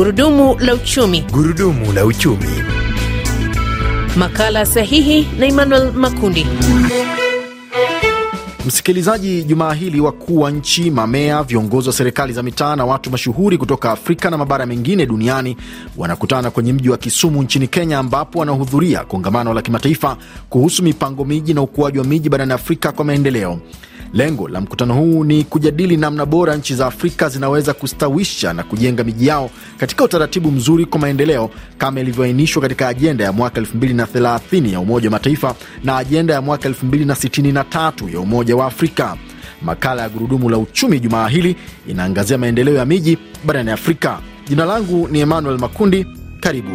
Gurudumu la uchumi. Gurudumu la uchumi. Makala sahihi na Emmanuel Makundi. Msikilizaji, jumaa hili wakuu wa nchi, mamea, viongozi wa serikali za mitaa na watu mashuhuri kutoka Afrika na mabara mengine duniani wanakutana kwenye mji wa Kisumu nchini Kenya, ambapo wanahudhuria kongamano la kimataifa kuhusu mipango miji na ukuaji wa miji barani Afrika kwa maendeleo. Lengo la mkutano huu ni kujadili namna bora nchi za Afrika zinaweza kustawisha na kujenga miji yao katika utaratibu mzuri kwa maendeleo kama ilivyoainishwa katika ajenda ya mwaka 2030 ya Umoja wa Mataifa na ajenda ya mwaka 2063 ya Umoja wa Afrika. Makala ya Gurudumu la Uchumi jumaa hili inaangazia maendeleo ya miji barani Afrika. Jina langu ni Emmanuel Makundi. Karibu.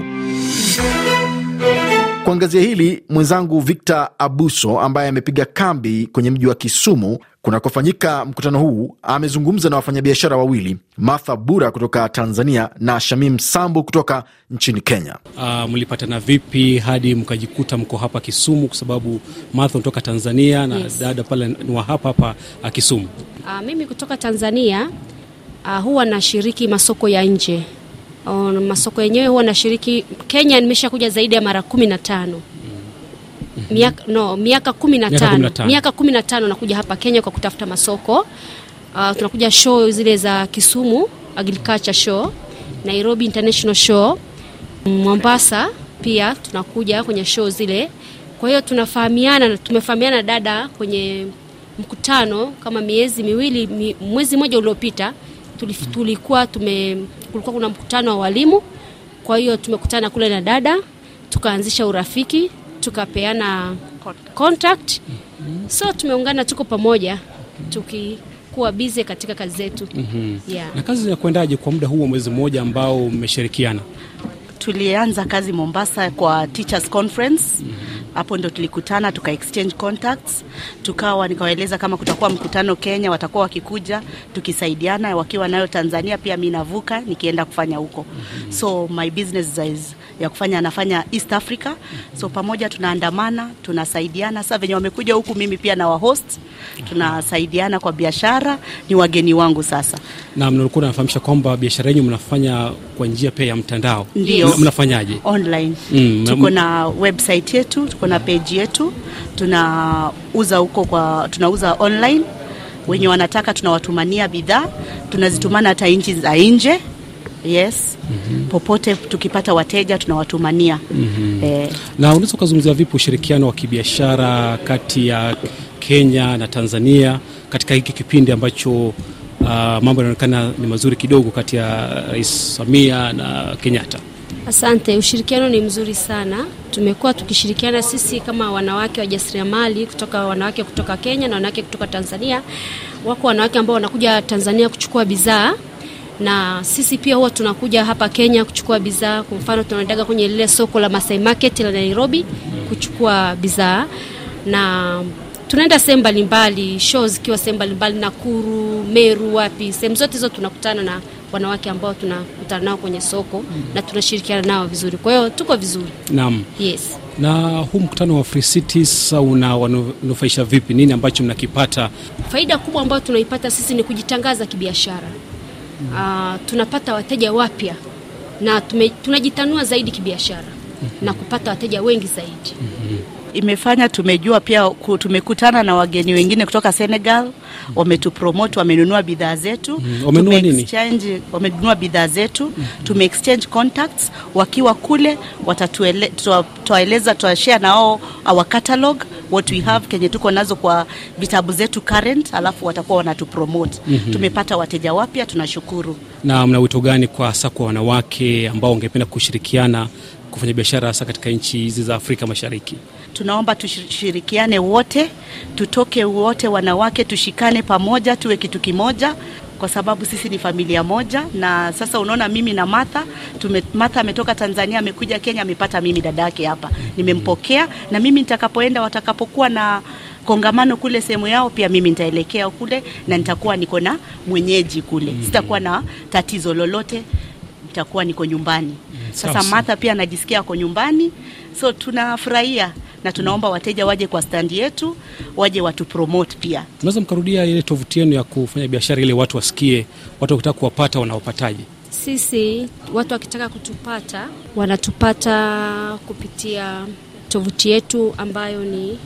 Kuangazia hili mwenzangu Victor Abuso ambaye amepiga kambi kwenye mji wa Kisumu kunakofanyika mkutano huu amezungumza na wafanyabiashara wawili, Martha Bura kutoka Tanzania na Shamim Sambu kutoka nchini Kenya. Uh, mlipatana vipi hadi mkajikuta mko hapa Kisumu? Kwa sababu Martha kutoka Tanzania na yes, dada pale ni wa hapa hapa ah, Kisumu. Uh, mimi kutoka Tanzania uh, huwa nashiriki masoko ya nje um, masoko yenyewe huwa nashiriki Kenya, nimeshakuja zaidi ya mara kumi na tano mhm. miaka no, miaka kumi na tano miaka kumi na tano nakuja hapa Kenya kwa kutafuta masoko. Uh, tunakuja show zile za Kisumu Agriculture Show, Nairobi International Show, Mombasa pia tunakuja kwenye show zile. Kwa hiyo tunafahamiana, tumefahamiana dada kwenye mkutano kama miezi miwili mi, mwezi mmoja uliopita tulikuwa tume, kulikuwa kuna mkutano wa walimu, kwa hiyo tumekutana kule na dada, tukaanzisha urafiki, tukapeana contact, so tumeungana, tuko pamoja tuki kuwa bize katika kazi zetu. mm -hmm. Yeah. Na kazi kuendaje kwa muda huu wa mwezi mmoja ambao mmeshirikiana? Tulianza kazi Mombasa kwa Teachers Conference. mm hapo ndo tulikutana tuka exchange contacts, tukawa nikawaeleza kama kutakuwa mkutano Kenya, watakuwa wakikuja tukisaidiana, wakiwa nayo Tanzania pia mimi navuka nikienda kufanya huko. mm-hmm. So my business size ya kufanya anafanya East Africa. So pamoja tunaandamana, tunasaidiana. Sasa venye wamekuja huku, mimi pia na wahost tunasaidiana kwa biashara, ni wageni wangu sasa. Na mnalikuwa nafahamisha kwamba biashara yenu mnafanya kwa njia pia ya mtandao, ndio mnafanyaje? Online. Mm, tuko na website yetu tuko na page yetu, tunauza huko kwa, tunauza online. Wenye wanataka tunawatumania bidhaa, tunazitumana hata nchi za nje. Yes. Mm -hmm. Popote tukipata wateja tunawatumania. mm -hmm. Eh. Na unaweza ukazungumzia vipi ushirikiano wa kibiashara kati ya Kenya na Tanzania katika hiki kipindi ambacho uh, mambo yanaonekana ni mazuri kidogo kati ya ah, Rais Samia na Kenyatta? Asante. Ushirikiano ni mzuri sana, tumekuwa tukishirikiana sisi kama wanawake wajasiriamali kutoka wanawake kutoka Kenya na wanawake kutoka Tanzania. Wako wanawake ambao wanakuja Tanzania kuchukua bidhaa na sisi pia huwa tunakuja hapa Kenya kuchukua bidhaa. Kwa mfano, tunaendaga kwenye lile soko la Masai Market la Nairobi kuchukua bidhaa, na tunaenda sehemu mbalimbali, shows zikiwa sehemu mbalimbali, Nakuru, Meru, wapi, sehemu zote hizo tunakutana na wanawake ambao tunakutana nao kwenye soko mm. na tunashirikiana nao vizuri, kwa hiyo tuko vizuri. Naam. Yes. Na huu mkutano wa Free Cities unawanufaisha vipi? Nini ambacho mnakipata? Faida kubwa ambayo tunaipata sisi ni kujitangaza kibiashara mm. Uh, tunapata wateja wapya na tume, tunajitanua zaidi kibiashara mm -hmm. na kupata wateja wengi zaidi mm -hmm imefanya tumejua pia, tumekutana na wageni wengine kutoka Senegal, wametupromote, wamenunua bidhaa zetu, mm, wamenunua wamenunua bidhaa zetu, tume exchange contacts. Wakiwa kule watatueleza, tutashare nao our catalog what we have, kenye tuko nazo kwa vitabu zetu current, alafu watakuwa wanatupromote. Mhm. Tumepata wateja wapya, tunashukuru. Na mna wito gani kwa hasa kwa wanawake ambao wangependa kushirikiana kufanya biashara hasa katika nchi hizi za Afrika Mashariki? Tunaomba tushirikiane wote, tutoke wote wanawake, tushikane pamoja, tuwe kitu kimoja kwa sababu sisi ni familia moja. Na sasa unaona, mimi na Martha tume, Martha ametoka Tanzania amekuja Kenya, amepata mimi dadake hapa, nimempokea na mimi nitakapoenda, watakapokuwa na kongamano kule sehemu yao, pia mimi nitaelekea kule na nitakuwa niko na mwenyeji kule, mm-hmm. sitakuwa na tatizo lolote, nitakuwa niko nyumbani. Mm, sasa Martha pia anajisikia ako nyumbani, so tunafurahia na tunaomba wateja waje kwa standi yetu, waje watu promote pia. Tunaweza mkarudia ile tovuti yenu ya kufanya biashara ili watu wasikie, watu wakitaka kuwapata wanaopataje? Sisi watu wakitaka kutupata wanatupata kupitia tovuti yetu ambayo ni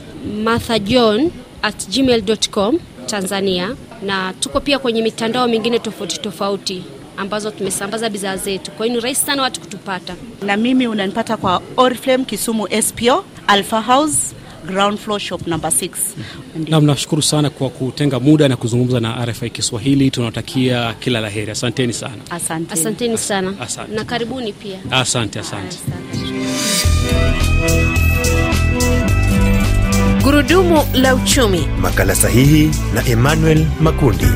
marthajohn at gmail.com Tanzania, na tuko pia kwenye mitandao mingine tofauti tofauti ambazo tumesambaza bidhaa zetu. Kwa hiyo ni rahisi sana watu kutupata, na mimi unanipata kwa Oriflame Kisumu SPO Alpha House ground floor shop number 6. Naam, nashukuru sana kwa kutenga muda na kuzungumza na RFI Kiswahili. Tunawatakia kila la heri, asanteni sana. Asante. Asanteni sana asante. Na karibuni pia asante, asante. Asante. Gurudumu la uchumi, makala sahihi na Emmanuel Makundi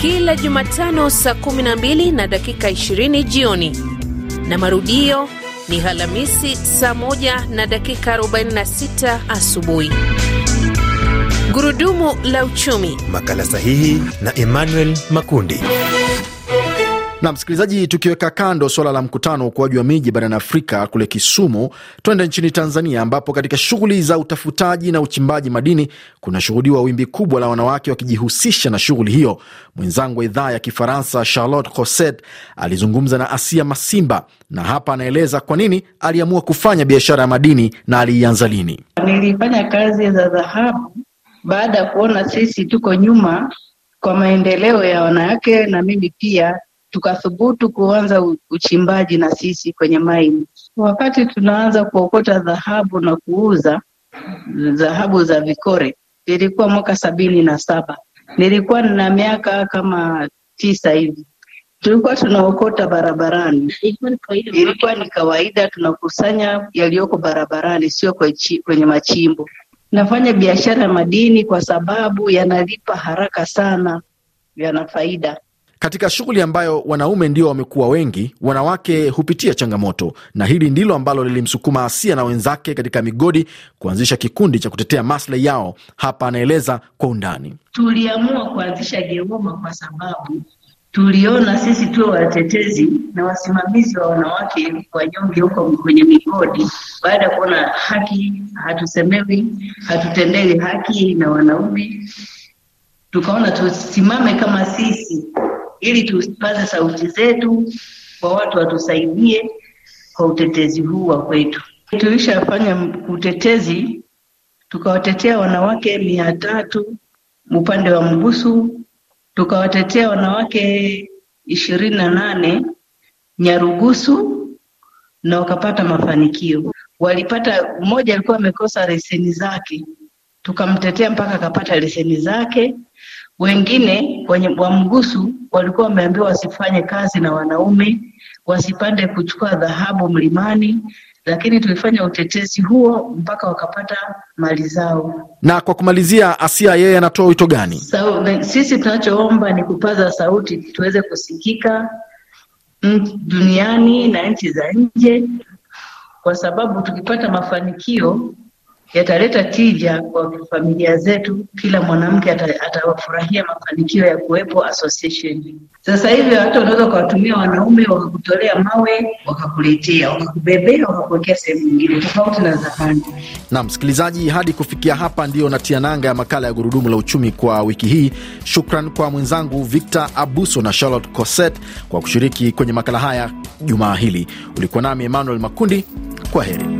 kila Jumatano saa 12 na dakika 20 jioni na marudio ni Halamisi saa moja na dakika 46 asubuhi. Gurudumu la uchumi, makala sahihi na Emmanuel Makundi. Na msikilizaji, tukiweka kando suala la mkutano wa ukuaji wa miji barani Afrika kule Kisumu, twende nchini Tanzania ambapo katika shughuli za utafutaji na uchimbaji madini kunashuhudiwa wimbi kubwa la wanawake wakijihusisha na shughuli hiyo. Mwenzangu wa idhaa ya Kifaransa Charlotte Cosset alizungumza na Asia Masimba na hapa anaeleza kwa nini aliamua kufanya biashara ya madini na aliianza lini. Nilifanya kazi za dhahabu baada ya kuona sisi tuko nyuma kwa maendeleo ya wanawake na mimi pia tukathubutu kuanza uchimbaji na sisi kwenye maini. Wakati tunaanza kuokota dhahabu na kuuza dhahabu za vikore, ilikuwa mwaka sabini na saba. Nilikuwa na miaka kama tisa hivi. Tulikuwa tunaokota barabarani, ilikuwa ni kawaida, tunakusanya yaliyoko barabarani, sio kwenye machimbo. Nafanya biashara ya madini kwa sababu yanalipa haraka sana, yana faida katika shughuli ambayo wanaume ndio wamekuwa wengi, wanawake hupitia changamoto, na hili ndilo ambalo lilimsukuma Asia na wenzake katika migodi kuanzisha kikundi cha kutetea maslahi yao. Hapa anaeleza kwa undani. Tuliamua kuanzisha Geoma kwa sababu tuliona sisi tuwe watetezi na wasimamizi wa wanawake wanyonge huko kwenye migodi, baada ya kuona haki hatusemewi, hatutendewi haki na wanaume, tukaona tusimame kama sisi ili tusipaze sauti zetu kwa watu watusaidie kwa utetezi huu wa kwetu. Tulishafanya utetezi, tukawatetea wanawake mia tatu upande wa Mgusu, tukawatetea wanawake ishirini na nane Nyarugusu na wakapata mafanikio. Walipata mmoja alikuwa amekosa leseni zake, tukamtetea mpaka akapata leseni zake. Wengine wenye Wamgusu walikuwa wameambiwa wasifanye kazi na wanaume, wasipande kuchukua dhahabu mlimani, lakini tulifanya utetezi huo mpaka wakapata mali zao. Na kwa kumalizia, Asia yeye anatoa wito gani? So, sisi tunachoomba ni kupaza sauti tuweze kusikika duniani na nchi za nje, kwa sababu tukipata mafanikio yataleta tija kwa familia zetu. Kila mwanamke atawafurahia ata mafanikio ya kuwepo association. Sasa hivi hata unaweza ukawatumia wanaume wakakutolea mawe wakakuletea, wakakubebea, wakakuwekea sehemu nyingine tofauti na zamani. Na msikilizaji, hadi kufikia hapa ndiyo natia nanga ya makala ya Gurudumu la Uchumi kwa wiki hii. Shukran kwa mwenzangu Victor Abuso na Charlotte Coset kwa kushiriki kwenye makala haya jumaa hili. Ulikuwa nami Emmanuel Makundi, kwa heri.